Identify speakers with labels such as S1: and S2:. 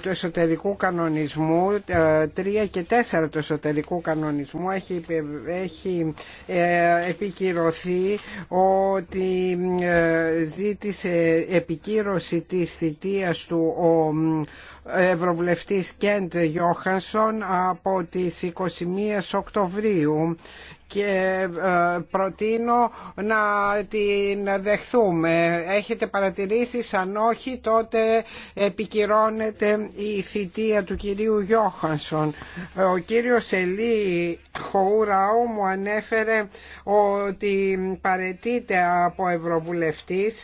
S1: του εσωτερικού κανονισμού 3 ε, και 4 του εσωτερικού κανονισμού έχει, έχει ε, επικυρωθεί ότι ε, ζήτησε επικύρωση της θητείας του ο Ευρωβουλευτής Κέντ Γιώχανσον από τις 21 Οκτωβρίου και ε, προτείνω να την δεχθούμε. Έχετε παρατηρήσει, αν όχι τότε επικυρώνεται η θητεία του κυρίου Γιώχανσον. Ο κύριος Ελί Χοουραού μου ανέφερε ότι παρετείται
S2: από Ευρωβουλευτής